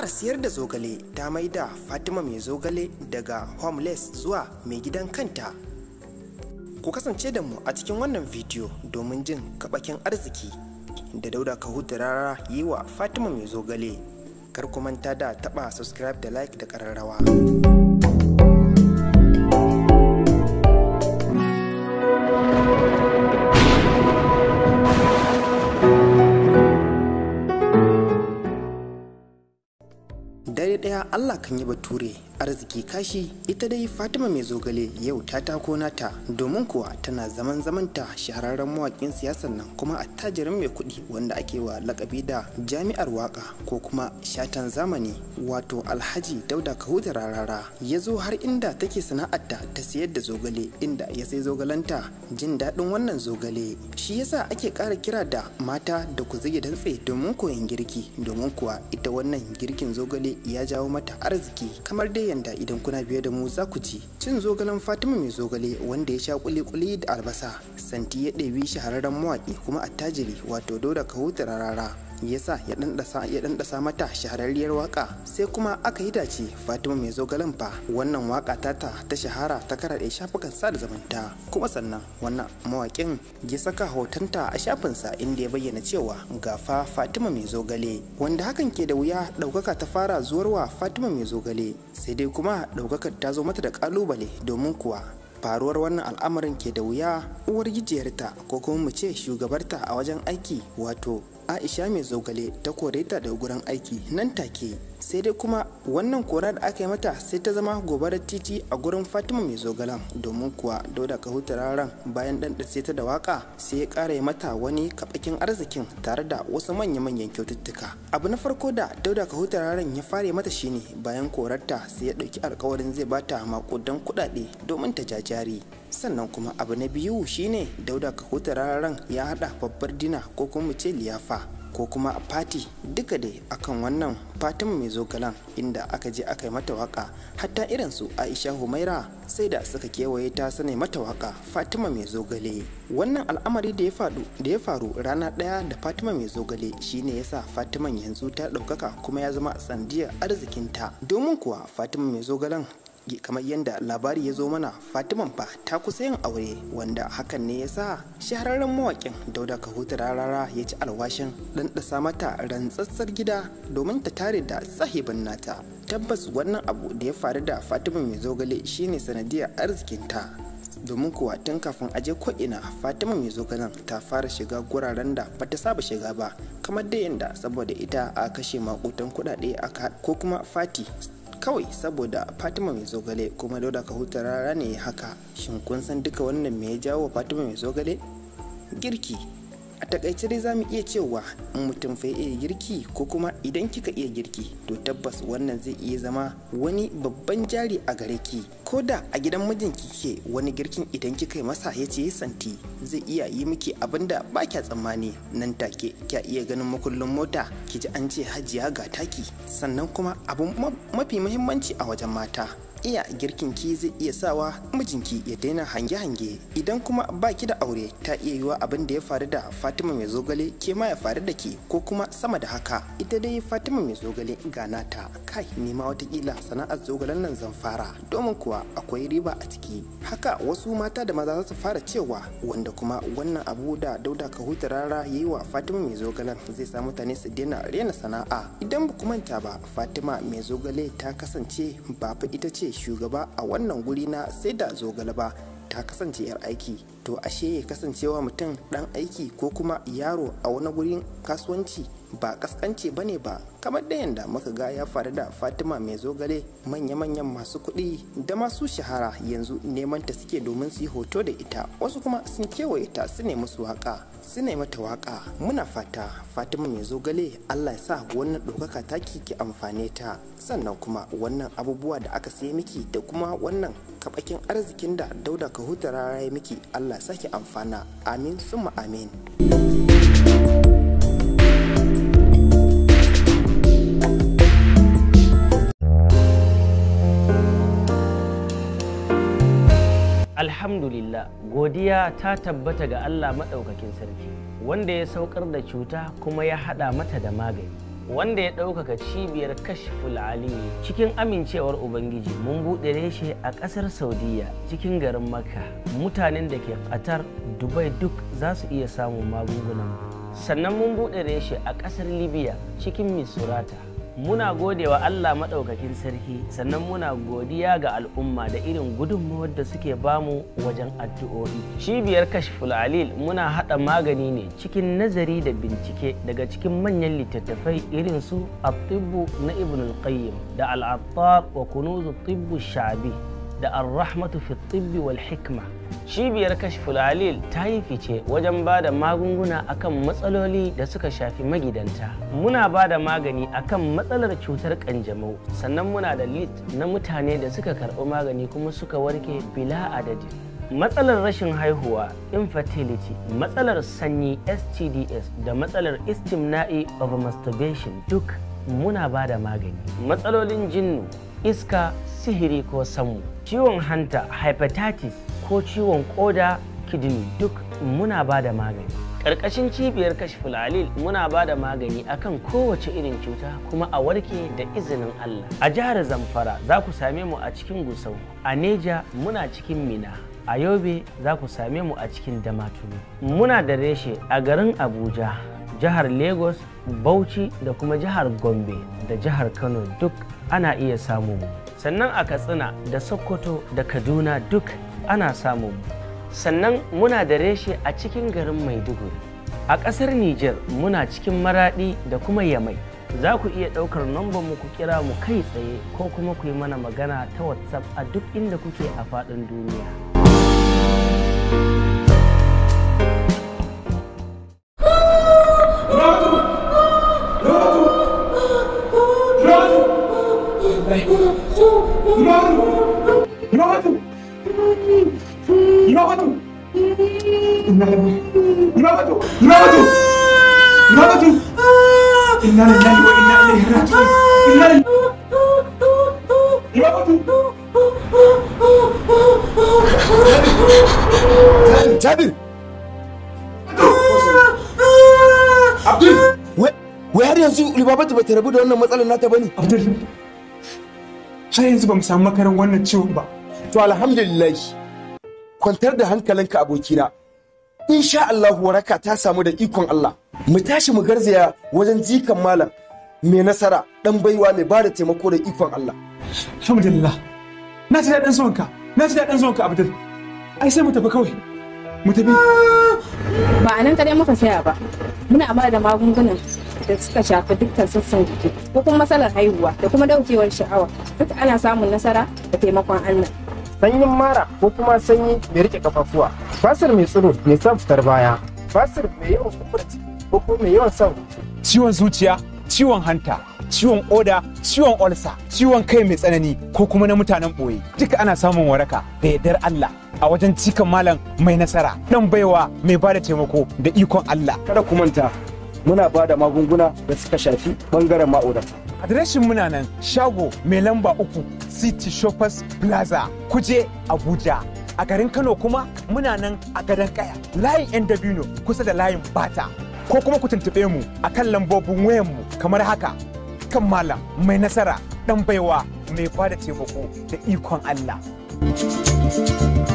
sana'ar siyar da zogale ta maida fatima mai zogale daga homeless zuwa mai gidan kanta ku kasance da mu a cikin wannan bidiyo domin jin kabakin arziki da dauda ka hutu rara yi wa fatima mai zogale kar ku manta da taba subscribe da like da kararrawa dare ɗaya allah kan yi bature arziki kashi ita dai fatima mai zogale yau ta tako nata domin kuwa tana zaman zamanta shahararren mawakin siyasar nan kuma attajirin mai kuɗi wanda ake wa lakabi da jami'ar waka ko kuma shatan zamani wato alhaji dauda kahuta rarara ya zo har inda take sana'arta ta siyar da zogale inda ya sai zogalanta jin daɗin wannan zogale shi yasa ake ƙara kira da mata da ku zage dantse domin koyon girki domin kuwa ita wannan girkin zogale ya jawo mata arziki kamar dai yanda idan kuna biye da mu za ku ji cin zogalen fatima mai zogale wanda ya sha kuli-kuli da albasa santi ya ɗebi shahararren mawaƙi kuma attajiri wato dauda kahuta rarara ya sa ya ɗanɗasa mata shahararriyar waka sai kuma aka yi dace fatima mai zogalen fa wannan waka ta ta shahara ta karaɗe shafukan sada zumunta kuma sannan wannan mawaƙin ya saka hotonta a shafinsa inda ya bayyana cewa gafa fatima mai zogale wanda hakan ke da wuya ɗaukaka ta fara zuwarwa fatima mai zogale sai dai kuma ɗaukakar ta zo mata da ƙalubale domin kuwa faruwar wannan al'amarin ke da wuya uwar gijiyarta ko kuma mu ce shugabarta a wajen aiki wato aisha mai zogale ta kore ta daga gurin aiki nan take sai dai kuma wannan kora da aka yi mata sai ta zama gobarar titi a gurin fatima mai zogalan domin kuwa dauda huta raran bayan dan ta da waka sai ya kara yi mata wani kabakin arzikin tare da wasu manya-manyan kyaututtuka abu na farko da dauda huta raran ya fare mata shine bayan korarta sai ya ɗauki alkawarin zai bata makudan kuɗaɗe domin ta jajari sannan kuma abu na biyu shine dauda huta raran ya haɗa babbar dina ko kuma mu ce liyafa ko kuma a fati duka dai akan wannan fatima mai zogalan inda aka je aka yi mata waka hatta irin su aisha humaira sai da suka kewaye ta sanai mata waka fatima mai zogale wannan al'amari da ya faru rana ɗaya da fatima mai zogale shine yasa fatiman yanzu ta ɗaukaka kuma ya zama sandiyar arzikinta domin kuwa fatima mai zogalen kamar yadda labari ya zo mana fatiman fa ta kusa yin aure wanda hakan ne ya sa shahararren mawakin dauda kahuta rarara ya ci alwashin dasa mata rantsatsar gida domin ta tare da sahibin nata tabbas wannan abu da ya faru da fatima mai zogale shine sanadiyar arzikinta domin kuwa tun kafin aje ko'ina fatima mai zogalen ta fara shiga guraren da bata saba shiga ba kamar da yadda saboda ita a kashe makutan kudade ko kuma fati kawai saboda fatima mai zogale kuma dauda ka huta rara ne haka shin kun san duka wannan me ya jawo fatima mai zogale girki a takaice dai za mu iya cewa in mutum fa iya girki ko kuma idan kika iya girki to tabbas wannan zai iya zama wani babban jari a gare ki ko da a gidan mijinki kike wani girkin idan kika yi masa ya ce santi zai iya yi miki abin da ba kya tsammani nan take kya iya ganin makullin mota ki ji an ce hajiya ga taki sannan kuma abu mafi muhimmanci a wajen mata iya girkin ki zai iya sawa mijinki ya daina hange-hange idan kuma baki da aure ta iya yiwa abin da ya faru da fatima mai zogale ke ma ya faru da ki. ko kuma sama da haka ita dai fatima mai zogale ga nata kai nema watakila sana'ar zogalen nan zan fara domin kuwa akwai riba a ciki haka wasu mata da maza za su fara cewa wanda kuma wannan abu da dauda ka huta rara ya yi wa fatima mai zogalen zai sa mutane su daina rena sana'a idan ba manta ba fatima mai zogale ta kasance ba ita ce shugaba a wannan guri na sai da zogale ba ta kasance 'yar aiki to ashe ya kasancewa mutum ɗan aiki ko kuma yaro a wani gurin kasuwanci ba kaskance ba ne ba kamar da yadda muka ga ya faru da fatima mai zogale manya-manyan masu kuɗi da masu shahara yanzu neman ta suke domin su yi hoto da ita wasu kuma sun kewaye ta su nemi su waka su nemi ta waka muna fata fatima mai zogale allah ya sa wannan ɗaukaka taki ki amfane ta sannan kuma wannan abubuwa da aka sai miki da kuma wannan kaɓakin arzikin da dauda ka huta rara miki allah Allah sake amfana amin summa amin Alhamdulillah godiya ta tabbata ga Allah maɗaukakin sarki wanda ya saukar da cuta kuma ya haɗa mata da magani. wanda ya ɗaukaka cibiyar kashi aliyu cikin amincewar ubangiji mun buɗe reshe a ƙasar saudiya cikin garin makka mutanen da ke fatar dubai duk za su iya samun magungunan sannan mun buɗe reshe a ƙasar libya cikin misurata muna godewa Allah maɗaukakin sarki sannan muna godiya ga al'umma da irin gudunmawar da suke bamu wajen addu'o'i cibiyar kashful alil muna haɗa magani ne cikin nazari da bincike daga cikin manyan littattafai irin su at na ibn al-qayyim da al-attab wa kunuzu tibbu shabi da arrahmatu rahmatu fi tibbi wal hikma cibiyar kashful alil ta yi fice wajen ba da magunguna akan matsaloli da suka shafi magidanta muna ba da magani akan matsalar cutar kanjamau sannan muna da lit na mutane da suka karɓi magani kuma suka warke bila adadin matsalar rashin haihuwa infertility matsalar sanyi stds da matsalar istimna'i of masturbation duk muna ba da magani matsalolin jinnu iska sihiri ko samu ciwon hanta hepatitis ko ciwon koda kidney duk muna ba da magani ƙarƙashin cibiyar kashi alil muna ba da magani akan kowace irin cuta kuma a warke da izinin allah a jihar zamfara za ku same mu a cikin gusau a neja muna cikin mina a yobe za ku same mu a cikin damaturu muna da reshe a garin abuja jihar lagos bauchi da kuma jihar gombe da jihar kano duk ana iya samu mu sannan a katsina da sokoto da kaduna duk ana samu mu sannan muna da reshe a cikin garin maiduguri a ƙasar niger muna cikin maraɗi da kuma yamai za ku iya ɗaukar nomba mu ku kira mu kai tsaye ko kuma ku yi mana magana ta whatsapp a duk inda kuke a faɗin duniya. thank you ina mutu ina mutu inna lillahi wa inna ilaihi raji'un inna ina mutu Jabir! Abdul! we har yanzu Libabatu ba ta rabu da wannan matsalar nata ba ne? Abdul, har yanzu ba mu samu makarin wannan ciwon ba. To alhamdulillah, kwantar da hankalinka abokina. insha Allah waraka ta samu da ikon Allah mu tashi mu garzaya wajen jikan malam mai nasara dan baiwa mai ba da taimako da ikon Allah alhamdulillah na ji daɗin zuwanka na ji daɗin zuwanka abdul ai sai mu tafi kawai mu tafi ba a nan dai muka saya ba muna amma da magungunan da suka shafi dukkan sassan jiki ko kuma matsalar haihuwa da kuma daukewar sha'awa duk ana samun nasara da taimakon Allah sanyin mara ko kuma sanyi mai rike kafafuwa Fasir mai tsiro mai son fitar baya Fasir mai yawan kumurci ko kuma mai yawan son ciwon zuciya ciwon hanta ciwon oda ciwon olsa ciwon kai mai tsanani ko kuma na mutanen ɓoye duka ana samun waraka da yardar Allah a wajen cikan malam mai nasara dan baiwa mai bada taimako da ikon Allah kada ku manta muna ba da magunguna da suka shafi bangaren ma'aurata. Adireshin muna nan shago mai lamba uku City Shoppers Plaza Kuje Abuja a garin Kano kuma muna nan a gadon kaya layin yan dabino kusa da layin bata ko kuma ku tuntuɓe mu a kan lambobin mu kamar haka kan malam mai nasara ɗan baiwa mai kwada taimako da ikon Allah.